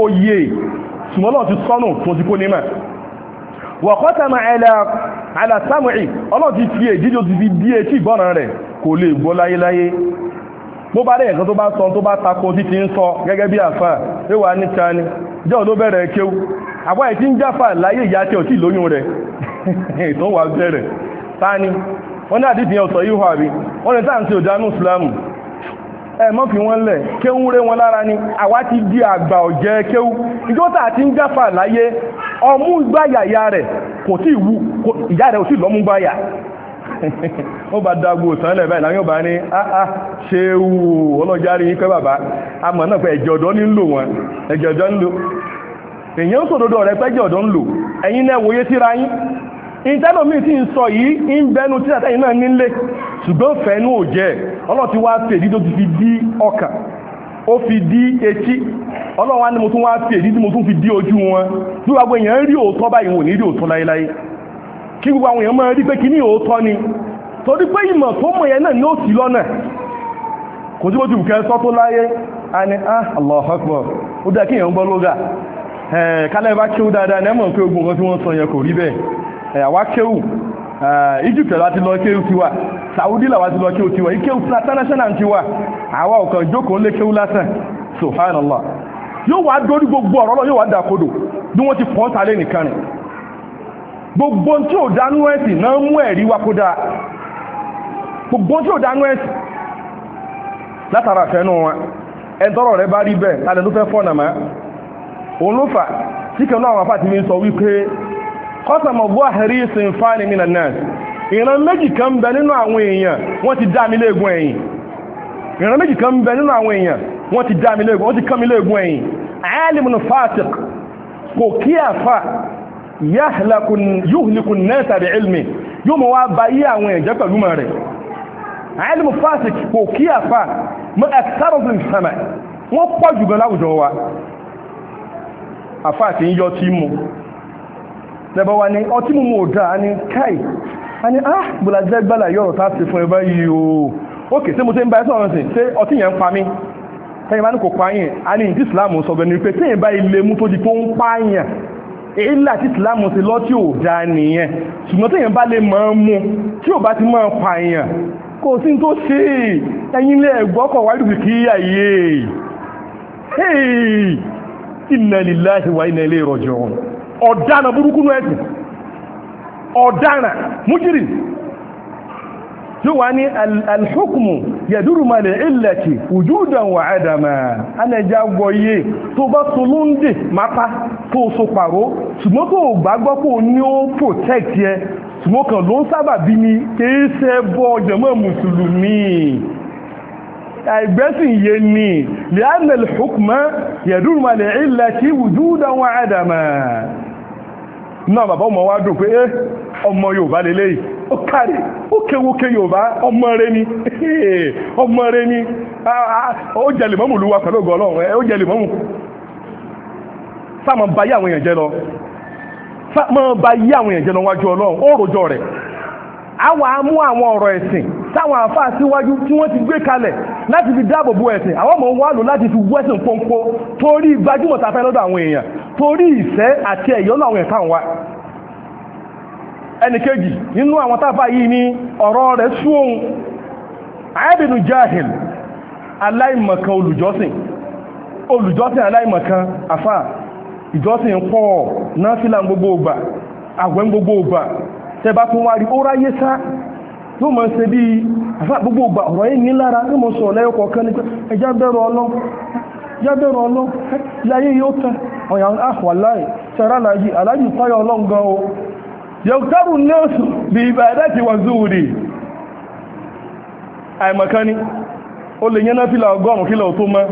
Speaker 1: ó yé ti sọ́nù tó ti kó ala sam'i ti fi èdí ti fi bí etí ìgbọ́ràn rẹ̀ kò lè gbọ́ láyéláyé bó bá rẹ̀ nǹkan tó bá sọ tó bá tako títí ń sọ gẹ́gẹ́ bí àfà ni jẹ́ ò bẹ̀rẹ̀ kéwú àbá ẹ̀ tí ń jáfà láyé ìyá tí ò tí lóyún rẹ̀ [laughs] tó wà bẹ̀rẹ̀ ta wọ́n ní àdídìyàn àbí wọ́n ní ẹ̀mọ́ fi wọ́n lẹ̀ kéwú rẹ̀ wọn lára ni àwa ti di àgbà ọ̀jẹ́ kéwú ìjọ́ta àti ń jáfà láyé ọmú gbáyàyà rẹ̀ kò tí ìwú ìyá rẹ̀ ò tí lọ́mú gbáyà [laughs] ó bá dágbò sánlẹ̀ báyìí láwọn bá ní ah, ah, ìtẹ́lòmí tí ń sọ yìí ń bẹnu tí àtẹ́yìn náà nílé ṣùgbọ́n fẹ́nu ò jẹ́ ọlọ́ti wá fi èdí tó ti fi dí ọkàn ó fi dí etí ọlọ́wà ní mo tún wá fi èdí tí mo tún fi dí ojú wọn bí wàgbọ́ èèyàn rí òótọ́ báyìí wò ní rí òótọ́ láéláé kí gbogbo àwọn èèyàn máa rí pé ni ni ah àwa kéwù Egypt ti lọ kéwù tiwa Saudi la làwa ti lọ kéwù tiwa ìkéwù ti tiwa àwa ò kàn jókòó lé kéwù lásán subhanallah yóò wá dórí gbogbo ọ̀rọ̀ lọ yóò wá dàkodò bí wọ́n ti pọ́n sálẹ̀ nìkan rìn gbogbo tí ò dánú ẹ̀sìn náà mú ẹ̀rí wá kó dáa gbogbo tí ò dánú ẹ̀sìn látara fẹ́nu wọn ẹ̀ntọ́rọ̀ rẹ bá rí bẹ́ẹ̀ lálẹ́ ló fẹ́ fọ́nà má òun ló fà tí kẹ́nu àwọn afá ti mi sọ wípé kọ́sàmọ̀ bọ́ àrí sinfani mina nas ìran méjì kan bẹ nínú àwọn èèyàn wọ́n ti dá mi léegun ẹ̀yìn ìran méjì kan bẹ nínú àwọn èèyàn wọ́n ti dá mi léegun wọ́n ti kán mi léegun ẹ̀yìn alimun fatiq kò kí àfà yúhùlikùn náà tàbí ilmi yóò mọ̀ wá bá yí àwọn ẹ̀jẹ́ pẹ̀lú mọ̀ rẹ̀ alimun fatiq kò kí àfà mọ́ ẹ̀ksáàrùn sẹ́mẹ̀ wọ́n pọ̀ jù gan láwùjọ wa àfà àti yíyọ tí lẹ́bọ̀ wa ni ọtí mú mú ọ̀dá a káì a ní ah bùlàjẹ́ gbàlà yọ̀rọ̀ tá ti fún ẹ báyìí o ókè ṣé mo ṣe ń bá ẹ sọ̀rọ̀ sí ṣé ọtí yẹn ń pa mí tẹ́yìn bá ní kò pa yẹn a ní ìdí ìsìlámù sọ̀bẹ̀ ni pé tẹ́yìn bá ilé mú tó di pé ó ń pa yẹn èyí là tí ìsìlámù ti lọ tí ò da nìyẹn ṣùgbọ́n tẹ́yìn bá lè máa ń mú tí ò bá ti máa pa yẹn kò sí tó ṣe ẹyin lé ẹgbọ́kọ̀ wáyé kí ayé inna lillahi wa inna ilayhi ọ̀daràn burúkú náà ẹ̀sìn ọ̀daràn mújírì yóò wá ní alhukumu yẹ̀dúrù ma lè ìlẹ̀kì ojúdàn wà ẹ̀dàmà anẹjá wọ̀nyé tó bá so ló ń dè mápá tó so pàró ṣùgbọ́n tó gbàgbọ́ pò ní ó protect yẹ ṣùgbọ́n kan ló ń sábà bí ní kéèṣẹ́ bọ́ jẹ̀mọ́ mùsùlùmí àìgbẹ́sìn yé ni lè anẹlhukumu náà bàbá ọmọ wa dùn pé ẹ́ eh, ọmọ Yorùbá lélẹ́yìí ó kárí ó kéwóké Yorùbá ọmọ rẹ ni [laughs] ọmọ rẹ ni ó jẹlẹ̀ mọ́mù lu wa pẹ̀lú ògùn Ọlọ́run ẹ ó jẹlẹ̀ mọ́mù sáà máa ba yé àwọn èèyàn jẹ lọ sáà máa ba yé àwọn èèyàn jẹ lọ wájú Ọlọ́run ó rojọ́ rẹ̀ àwọn amú àwọn ọ̀rọ̀ ẹ̀sìn táwọn àfáà síwájú tí wọ́n ti gbé kalẹ̀ láti fi dáàbò bo ẹ̀sìn àwọn ọmọ wa lò láti fi wẹ́sìn pọ́npọ́ torí gbajúmọ̀ tafẹ́ lọ́dọ̀ àwọn èèyàn torí ìfẹ́ àti ẹ̀yọ́nà àwọn ẹ̀ta wa ẹnìkejì nínú àwọn tábà yìí ni ọ̀rọ̀ rẹ̀ sóhun ayébìnú jahil aláìmọ̀kan olùjọ́sìn olùjọ́sìn aláìmọ̀kan afá ìjọ́sìn pọ̀ náfílà gbogbo gbogbo tún ó ráyé sá ṣe bí afá gbogbo ọ̀rọ̀ yìí ní lára sọ̀rọ̀ ní ẹjá ọ̀yà àwàláì ṣẹ́rànlájì alájì fáyọ ọlọ́ngan o yọ̀tọ́rù nọ́ọ̀sù bí ibà ẹ̀dẹ́kì wọ́n zúúrì àìmọ̀kání o lè yẹ́ná fílà ọgọ́rùn kílà ò tó mọ́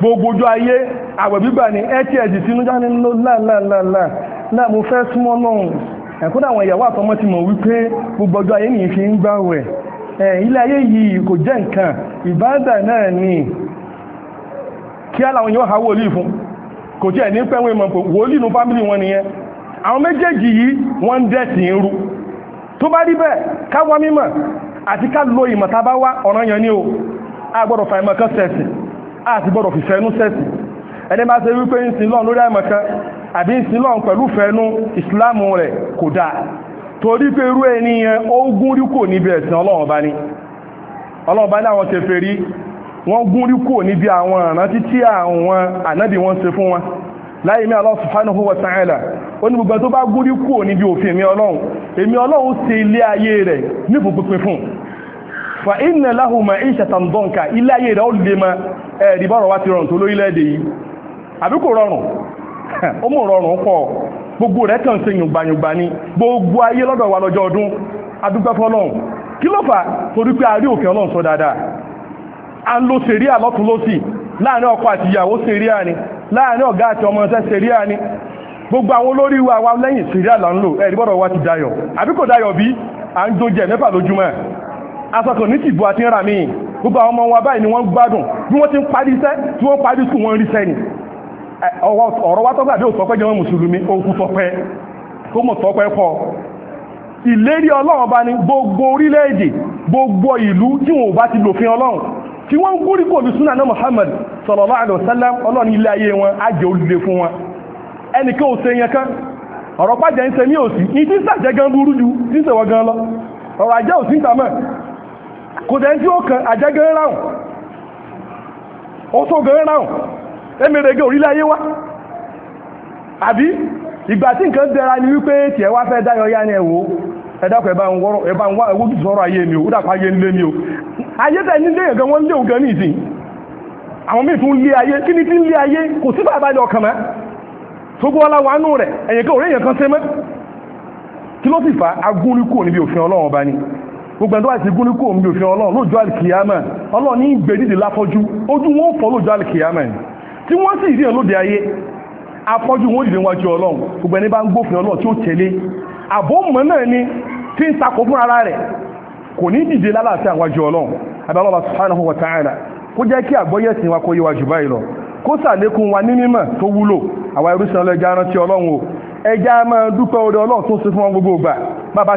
Speaker 1: gbogbojú ayé àwẹ̀ gbígbà ní ẹ́tíẹ̀jì sínú jáde ní láàláàláà mo fẹ́ súnmọ́ náà ẹ̀kúdà àwọn ìyàwó àtọmọ́ ti mọ̀ wípé gbogbojú ayé nìyí fi ń kí aláwọn yóò ha wòlíì fún kò tí ẹ̀ ní pẹ́wọ́n ìmọ̀ pé wòlíì nù fámìlì wọn nìyẹn àwọn méjèèjì yìí wọ́n ń dẹ̀sìn irú tó bá rí bẹ́ẹ̀ ká wá mímọ̀ àti ká lo ìmọ̀ bá wá o a a ti gbọ́dọ̀ fìfẹ́ inú sẹ̀sì ẹni bá ṣe wípé Islamu re ko da. torí pé ẹni yẹn ó gún níbi wọ́n gún rí kúrò níbi àwọn ìrántí tí àwọn ànábì wọn ṣe fún wọn láyé mi Allah subhanahu wa ta'ala ó ní gbogbo tó bá gún rí kúrò níbi òfin mi ọlọ́run èmi ọlọ́run ṣe ilé ayé rẹ̀ ní fòpinpin fún fa inna lahu ma'ishatan danka ilé ayé rẹ̀ ó lè ma ẹ̀rí bọ́rọ̀ wá ti rọrùn tó lórílẹ̀-èdè yìí àbí kò rọrùn [laughs] ó mú rọrùn pọ̀ gbogbo rẹ̀ kàn ṣe yùngbàyùngbà ni gbogbo ayé lọ́dọ̀ wa lọ́jọ́ ọdún adúgbẹ́fọ́ ọlọ́run kí ló fà torí pé a rí òfin ọlọ́run sọ dáadáa a ń lo sẹ̀ríà lọ́tún lọ́sì láàrin ọkọ àti ìyàwó sẹ̀ríà ni láàrin ọ̀gá àti ọmọ ọ̀sẹ̀ sẹ̀ríà ni gbogbo àwọn olórí wa wa lẹ́yìn sẹ̀ríà là ń lò ẹ̀rí bọ́dọ̀ wa ti dayọ̀ àbí kò dayọ̀ bí à ń jó jẹ mẹ́fà lójúmọ́ asọ̀tọ̀ ní tìbú àti ńra míì gbogbo àwọn ọmọ wa báyìí ni wọ́n gbádùn bí wọ́n ti ń parí iṣẹ́ tí wọ́n parí sùn wọ́n rí sẹ́ni ọ̀rọ̀ wa tọ́gbà bí òtọ́pẹ́ jẹ́ wọn mùsùlùmí òkú tọ́pẹ́ kó mọ̀ tọ́pẹ́ pọ̀ ìlérí ọlọ́run bá ní gbogbo orílẹ̀-èdè gbogbo ìlú tí wọn ò bá ti lòfin ọlọ́run tí wọ́n ń gúrí kò bí súnà náà Muhammad sallallahu alaihi wasallam ilé ayé wọn olùdé fún wọn ẹnìkan ò sẹ́yìn kan ọ̀rọ̀ pàjẹ́ ń ní òsì ní tí sàjẹ́ gan burú ju tí sẹ̀wọ̀ gan lọ ọ̀rọ̀ ajẹ́ òsì ń kò dẹ̀ tí ó kan ajẹ́ gan ráhùn ó tó gan ayé tẹ̀ ní lé ẹ̀gán wọ́n lé ògan ní ìsìn àwọn míì tún lé ayé kí ni tí ń lé ayé kò sí bàbá ilẹ̀ ọkàn mọ́ tó gbọ́ ọlá wa nù rẹ̀ ẹ̀yìn kan òrèèyàn kan sẹ́mọ́ kí ló sì fa agúnlíkù níbi òfin ọlọ́run ọba ni gbogbo ẹ̀dọ́ àti gúnlíkù níbi òfin ọlọ́run lóòjọ́ àlìkìyàmà ọlọ́run ní gbèdìdì láfọ́jú ojú wọn fọ́ lóòjọ́ àlìkìyàmà ni tí wọ́n sì rí ẹ̀ lóde ayé afọ́jú wọn dìde wájú ọlọ́run gbogbo ẹni bá ni tí ń takò kò ní dìde lálàáfíà àwọn àjọ ọlọ́run abẹ́lọ́wà subhanahu wa ta'ala kó jẹ́ kí àgbọ́yẹ̀sìn wa kó yé wa jù báyìí lọ kó ṣàlékún wa ní mímọ̀ tó wúlò àwa irúṣẹ́ ọlọ́jà rántí ọlọ́run o ẹja máa dúpẹ́ orí ọlọ́run tó ṣe fún wọn gbogbo ìgbà bàbá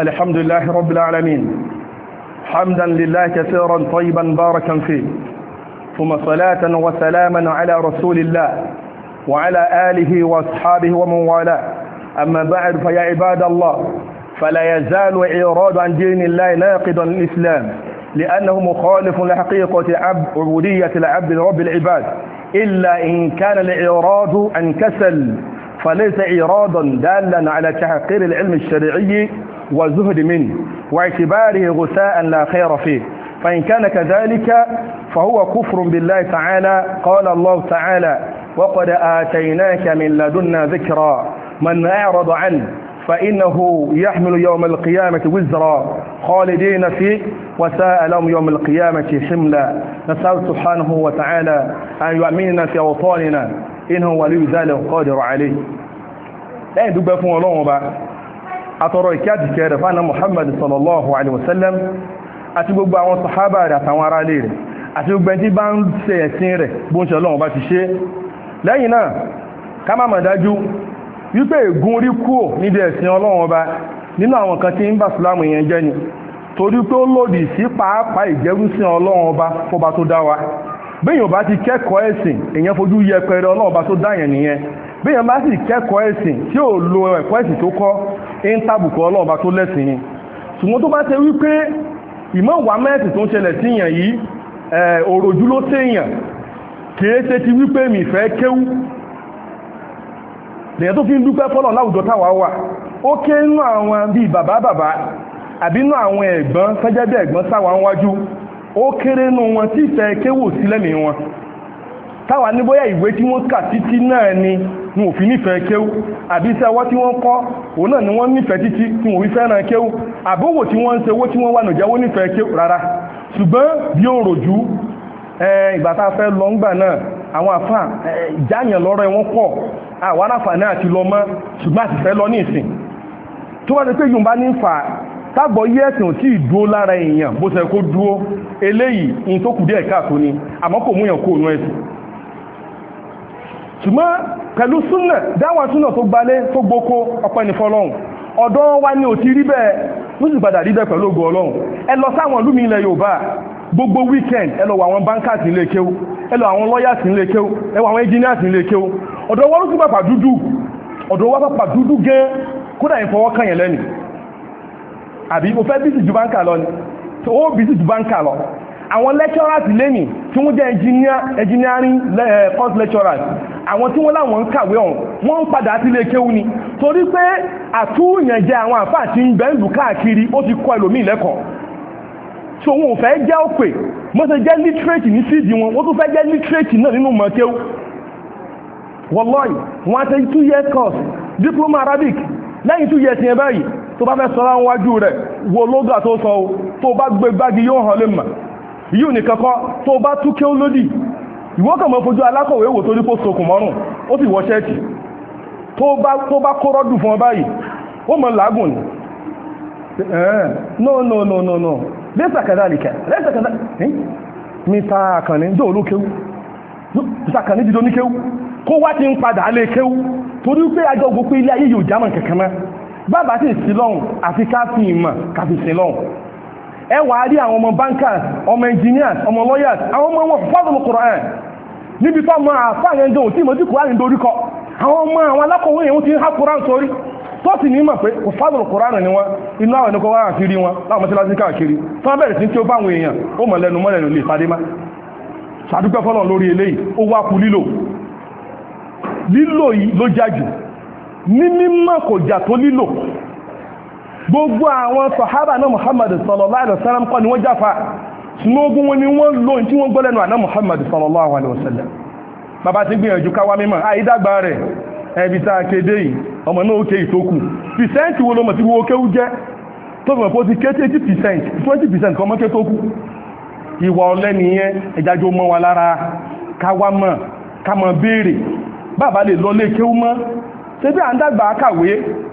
Speaker 1: الحمد لله رب العالمين حمدا لله كثيرا طيبا باركا فيه ثم صلاة وسلاما على رسول الله وعلى آله وأصحابه ومن والاه أما بعد فيا عباد الله فلا يزال إعراض عن دين الله ناقضا للإسلام لأنه مخالف لحقيقة عبودية العبد رب العباد إلا إن كان الإعراض عن كسل فليس إعراضا دالا على تحقير العلم الشرعي والزهد منه واعتباره غثاء لا خير فيه فإن كان كذلك فهو كفر بالله تعالى قال الله تعالى وقد آتيناك من لدنا ذكرا من أعرض عنه فإنه يحمل يوم القيامة وزرا خالدين فيه وساء لهم يوم القيامة حملا نسأل سبحانه وتعالى أن يؤمننا في أوطاننا إنه ولي ذلك قادر عليه لا يدب فون الله àtọrọ ìkẹ́ àdìkẹ́ rẹ̀ fánà Muhammad sallallahu alaihi wasallam àti gbogbo àwọn sahaba rẹ̀ àtàwọn ará ilé rẹ̀ àti gbogbo ẹni tí bá ń ṣe ẹ̀sìn rẹ̀ bó ń ṣe Ọlọ́run bá ti ṣe lẹ́yìn náà ká má mọ̀ dájú wípé ègún orí kúò níbi ẹ̀sìn Ọlọ́run ọba nínú àwọn kan tí ń bá sùlámù yẹn jẹ́ ni torí pé ó lòdì sí pàápàá ìjẹ́rúsìn Ọlọ́run ọba fọba tó dá wa béèyàn bá ti kẹ́kọ̀ọ́ ẹ̀sìn èèyàn fojú yẹpẹrẹ Ọlọ́run ọba tó dá yẹn nìyẹn bíyàn bá sì kẹ́kọ̀ọ́ ẹ̀sìn tí ò lo ẹ̀kọ́ ẹ̀sìn tó kọ́ ń tàbùkù ọlọ́ọ̀bá tó lẹ́sìn ni ṣùgbọ́n tó bá ṣe wípé ìmọ̀wà mẹ́ẹ̀sì tó ń ṣẹlẹ̀ síyàn yìí òròjú ló séyàn kìí ṣe ti wípé mi fẹ́ kéwú lèyàn tó fi ń dúpẹ́ fọ́lọ̀ láwùjọ táwa wà ó ké nú àwọn bíi bàbá bàbá àbí nú àwọn ẹ̀gbọ́n fẹ́jẹ́ bí ẹ̀gbọ́n táwa ń wájú ó kéré nú wọn tí ìfẹ́ kéwò sílẹ̀mí wọn táwa ní bóyá ìwé tí wọ́n kà títí náà ni wọn ò fi nífẹ̀ẹ́ kéwú àbí iṣẹ́ ọwọ́ tí wọ́n kọ́ òun náà ni wọ́n nífẹ̀ẹ́ títí tí wọ́n fi fẹ́ràn kéwú àbówò tí wọ́n ń ṣe owó tí wọ́n wà nàìjáwó nífẹ̀ẹ́ kéwú rárá ṣùgbọ́n bí ó ròjú ìgbà tá a fẹ́ lọ ńgbà náà àwọn àfáà ìjáàyàn lọ́rọ̀ wọn pọ̀ àwọn aláfààní àti lọ mọ́ ṣùgbọ́n àti fẹ́ tágbọ̀ yí ẹ̀sìn tí ì lára èèyàn bó ṣe kó dúó eléyìí ní tó kù díẹ̀ káàtó ni àmọ́ múyàn kó òun ẹ̀sìn ṣùgbọ́n pẹ̀lú súnà dáwà súnà tó gbalé tó gboko ọpẹ́ ní ọ̀dọ́ wa ni ò ti rí bẹ́ẹ̀ ló sì padà rí bẹ́ẹ̀ pẹ̀lú ògo ọlọ́run ẹ lọ sáwọn ìlú mi ilẹ̀ yorùbá gbogbo weekend ẹ lọ wọ àwọn bankers nílé kéwú lawyers nílé kéwú ẹ wọ engineers nílé kéwú ọ̀dọ̀ wọn ló sì pàpà dúdú ọ̀dọ̀ wọn pàpà dúdú gan kódà ìfọwọ́ kàn yẹn lẹ́nu àbí mo fẹ́ bí sì ju àwọn lecturers lẹ́nì tí wọ́n jẹ́ engineering eh, course lecturers àwọn tí wọ́n láwọn ń kàwé ọ̀hún wọ́n ń padà sílé kéwú ni torí pé àtúnyànjẹ àwọn àfáà tí ń bẹ́ẹ̀lù káàkiri ó ti kọ́ ẹlòmíì lẹ́kọ̀ọ́ so wọn ò fẹ́ jẹ́ òpè wọ́n ṣe jẹ́ literate ní fíìdì wọn wọ́n tún fẹ́ jẹ́ literate náà nínú mọ̀ọ́kéwú wọ́lọ́ọ̀yì wọ́n á ṣe two year course diploma arabic lẹ́yìn two years yẹn báyìí tó bá fẹ́ sọ́ra wájú rẹ̀ wo lóga tó sọ o tó bá gbé gbági yóò hàn lè mà yíò nìkan kọ́ tó bá tú kí ó lódì ìwọ́kànmọ́ fojú alákọ̀wé wò torí kó sokùn mọ́rùn ó sì wọ ṣẹ́ẹ̀tì tó bá kó rọ́dù fún ọ ó mọ̀ lágùn ní no no no no no lẹ́sà kàdálìkà lẹ́sà kàdálìkà mítà àkànní dó olókéwú sàkànní dídó ní kéwú kó wá ti ń padà alẹ́ kéwú torí pé ajọ́ gbogbo ilé ayé yóò jámọ̀ kankan mọ́ bàbá sì ẹ wà á rí àwọn ọmọ bankers ọmọ engineers ọmọ lawyers àwọn ọmọ wọn fọ́dún Qur'an níbi tó mọ àfáà yẹn jẹun tí ìmọ̀jú Qur'an dorí kọ àwọn ọmọ àwọn alákọ̀wé yẹn ti ń há Qur'an sórí tó sì ní mọ̀ pé fọ́dún ni wọn inú àwọn ẹnukọ àti rí wọn láwọn káàkiri tó bẹ̀rẹ̀ sí tí ó bá àwọn èèyàn ó gbogbo àwọn sọ̀hábà náà muhammadu sallallahu alaihi wasallam kọ́ ni wọ́n jáfa sinogun wọn ni wọ́n lò tí wọ́n gbọ́ lẹ́nu àná muhammadu sallallahu alaihi wasallam bàbá ti gbìyànjú a kéde yìí ọmọ náà ó ké ìtókù pìsẹ́ǹtì wo lọmọ tí wo kéwú jẹ́ tó fi mọ̀ pé ó kawa ké tí 80% 20% kọ́ mọ́ké tó kù ìwà ọ̀lẹ nìyẹn lè lọ lé mọ́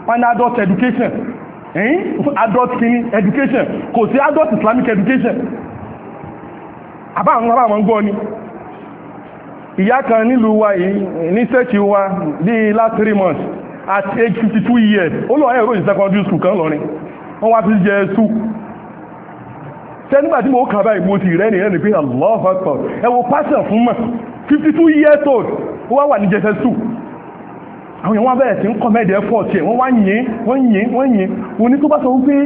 Speaker 1: panadol education ẹ̀yìn eh? fún adult education kò sí adult islamic education àbá àwọn àwọn ni ìyá kan nílùú wa ní last three months at age 52 years ó lọ ẹ̀rọ ìsìn secondary school kan lọ́rin wọ́n wá fi jẹ ẹ̀sù tẹ́ tí mo kà báyìí mo ti rẹ́ of pé allah akbar ẹ fún 52 years old ó wá wà ní àwọn èèyàn wọ́n bẹ̀rẹ̀ sí ń kọ́ mẹ́ẹ̀dẹ̀ pọ̀ tí wọ́n wá yìn wọ́n yìn wọ́n yìn wọ́n ní tó bá sọ wípé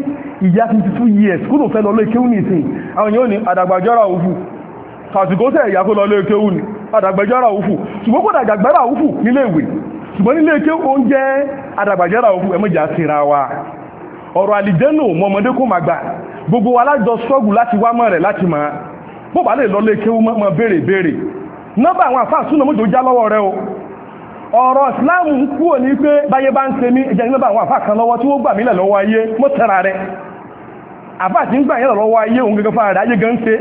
Speaker 1: ìyá ti ti two years kó ló fẹ́ lọ lóòkéwù ní ìsìn àwọn èèyàn ní àdàgbàjọ́ra òfù kàtùkó sẹ̀ ìyá kó lọ lóòkéwù ní àdàgbàjọ́ra òfù ṣùgbọ́n kó dàgbàjọ́ra òfù nílé ìwé ṣùgbọ́n nílé ìkéwù ó ń jẹ́ àdàgbàjọ́ra òfù ẹmọ́jà síra wa ọ̀rọ̀ àlìjẹ́nù mọ́mọdé kó máa gbà gbogbo wa lájọ ṣọ́gù láti wá mọ́ rẹ̀ láti máa bó bá lè lọ lóòkéwù mọ́ béèrè béèrè nọ́bà àwọn àfáà súnà mọ́jọ já lọ́wọ́ rẹ o ọ̀rọ̀ ìsìláàmù ń kúrò ní pé báyé bá ń ṣe mí ẹjẹ́ nígbà àwọn àfà kan lọ́wọ́ tí wọ́n gbà mílẹ̀ lọ́wọ́ ayé mọ́ tẹ́ra rẹ̀ àfà tí ń gbà yẹn lọ́wọ́ ayé òun gẹ́gẹ́ fara rẹ̀ ayé gan ṣe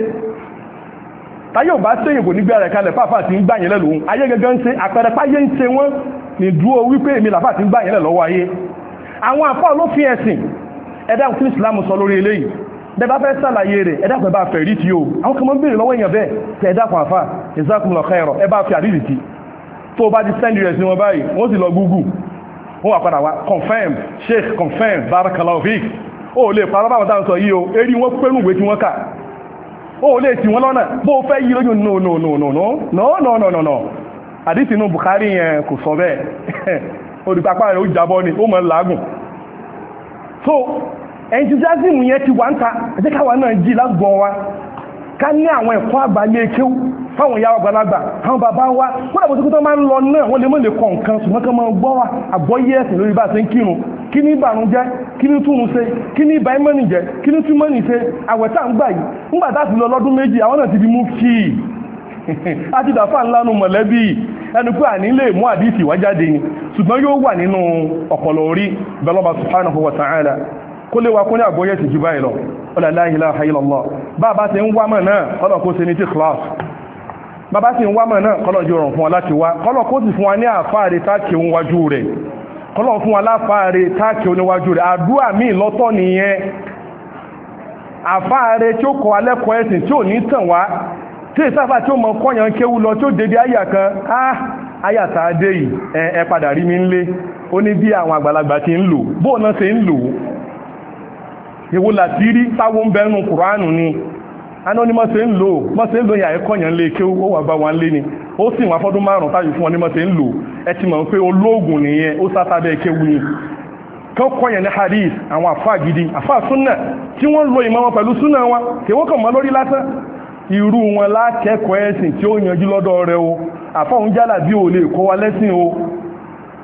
Speaker 1: táyé ò bá sẹ́yìn kò ní gbé rẹ̀ kalẹ̀ fáfà tí ń gbà yẹn lẹ́lòun ayé gẹ́gẹ́ ń ṣe àpẹẹrẹ páyé ń ṣe wọ́n ní dúró wípé èmi làfà tí ń gbà yẹn lọ́wọ́ ayé àwọn àfà olófin ẹ̀sìn ẹ̀dá òfin ìsìláàmù sọ lórí eléyìí bẹ́ẹ̀ bá fẹ́ sàlàyé rẹ̀ ẹ̀dá pẹ̀ bá fẹ̀ rí ti o àwọn kan mọ́ ń lọ́wọ́ èèyàn bẹ́ẹ̀ tẹ̀ ẹ̀dá kan àfà ìzákùnlọ̀ kẹrọ ẹ bá fi tó bá ti sẹ́ndì rẹ̀ sí wọn báyìí wọ́n sì lọ Google wọ́n wà padà wá confirm sheikh confirm barakallahu fik ó lè parọ́ báwọn táwọn sọ yìí o erí wọn pẹ́rù ìwé tí wọ́n kà ó lè tì wọ́n lọ́nà bó fẹ́ yí lójú no no no no no no no no no àdìsí inú Bukhari yẹn kò sọ bẹ́ẹ̀ [laughs] olùpapá rẹ̀ ó jábọ́ ni ó mọ̀ ń làágùn so enthusiasm yẹn ti wá ń ta ẹ̀jẹ̀ káwa náà jí lágbọ́n wa ká ní àwọn ẹ̀kọ́ àgbáyé fáwọn ìyá àgbàlagbà àwọn bàbá wa wọ́n tó máa ń lọ náà wọ́n lè mọ́ lè kọ̀ǹkan ṣùgbọ́n kan máa gbọ́ wa àgbọ́yé ẹ̀sìn lórí bá ṣe ń kírun kí ní ìbàrún jẹ́ kí ní túnun ṣe kí ní ìbá jẹ́ kí ní lọ lọ́dún méjì àwọn náà ti di mú kí á ti dàfà ńlá nu mọ̀lẹ́bí ẹnu pé àní lè mú wá ni ṣùgbọ́n yóò wà nínú ọ̀pọ̀lọ̀ orí bẹ́lọ́ba subhanahu wa ta'ala kó lè wa kó ní sì báyìí lọ ọ̀là ti ń wá bàbá sì ń wá mọ̀ náà kọ́lọ̀ jù rọrùn fún wa láti wá kọ́lọ̀ kó sì fún wa ní àfáàrí táàkì níwájú rẹ̀ kọ́lọ̀ fún wa láfáàrí táàkì níwájú rẹ̀ àdúà míì lọ́tọ̀ nìyẹn àfáàrí tí ó kọ́ alẹ́kọ̀ọ́ ẹ̀sìn tí ò ní tàn wá tí ìsáfà tí ó mọ kọ́yàn kéwú lọ tí ó débi àyà kan á àyà tá a dé yìí ẹ padà rí mi ńlé ó ní bí àwọn àgbàlagbà ti ń lò bóun náà ṣe ń lò ìwo làtí táwọn ń bẹnu kùránù ni aná ni mọ́sẹ̀ ń lò mọ́sẹ̀ ń lò yà ẹ̀kọ́yàn lè kí ó wà bá wọn lé ni ó sì wọn fọ́dún márùn-ún táyì fún wọn ní mọ́sẹ̀ ń lò ẹ ti mọ̀ pé olóògùn nìyẹn ó sátábẹ́ kéwu ni kọ́kọ́yàn ní hadith àwọn àfáà gidi àfáà súnà tí wọ́n lo ìmọ̀ wọn pẹ̀lú súnà wọn kí wọ́n kàn mọ́ lórí lásán irú wọn lákẹ́kọ̀ọ́ ẹ̀sìn tí ó yanjú lọ́dọ̀ rẹ o àfọ́hún jálàbí ò lè kọ́ wa lẹ́sìn o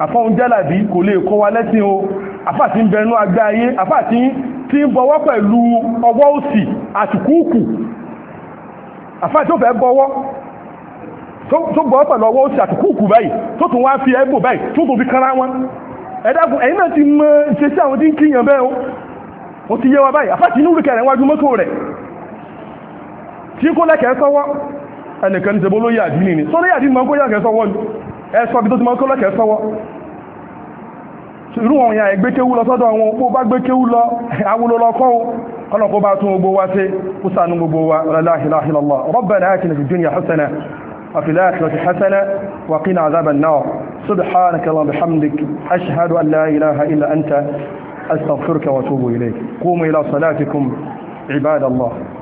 Speaker 1: àfọ́hún jálàbí kò lè kọ́ wa lẹ́sìn o àfáà ti ń bẹnu agbá ayé àfáà ti ń tí ń bọwọ́ pẹ̀lú ọwọ́ òsì àtìkúùkù àfáà tí ó fẹ́ bọwọ́ tó bọwọ́ pẹ̀lú ọwọ́ òsì àtìkúùkù báyìí tó tún wá fi ẹgbò báyìí tó tún fi kára wọn ẹ̀dàkùn ẹ̀yìn náà ti mọ ṣe sí àwọn tí ń kíyàn bẹ́ẹ̀ ó ti yé wa báyìí àfáà tí inú rìkẹ̀ wájú mọ́tò rẹ̀ tí kó lẹ́kẹ̀ẹ́ sọ́wọ́ ẹnìkan ní ṣe bó lóyè àdínì ni sọ́lóyè irú ọ̀yà ìgbékéwú lọ sọ́dọ̀ wọn bó bá gbékéwú lọ awolo lọ kọ́ ọ̀nà kó bá tún gbogbo wa ṣe kó sànú gbogbo wa la ilaha illallah rabbana atina fid dunya hasana wa fil akhirati hasana wa qina adhaban nar subhanaka allahumma bihamdik ashhadu an la ilaha illa anta astaghfiruka wa atubu ilayk qumu ila salatikum ibadallah